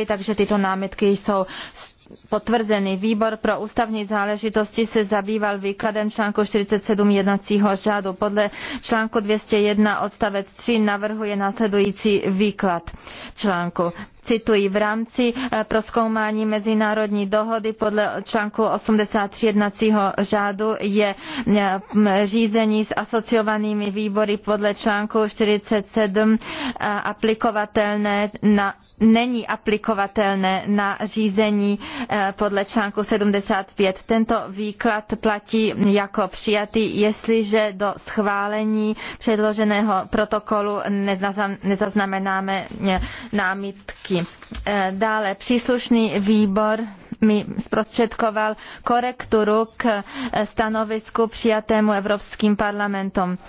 nenavrhli, takže tyto námitky jsou potvrzeny. Výbor pro ústavní záležitosti se zabýval výkladem článku 47 jednacího řádu. Podle článku 201 odstavec 3 navrhuje následující výklad článku cituji, v rámci eh, proskoumání mezinárodní dohody podle článku 83 jednacího řádu je eh, řízení s asociovanými výbory podle článku 47 eh, aplikovatelné na, není aplikovatelné na řízení podle článku 75. Tento výklad platí jako přijatý, jestliže do schválení předloženého protokolu nezaznamenáme námitky velký. Eh, dále příslušný výbor mi zprostředkoval korekturu k eh, stanovisku přijatému Evropským parlamentem.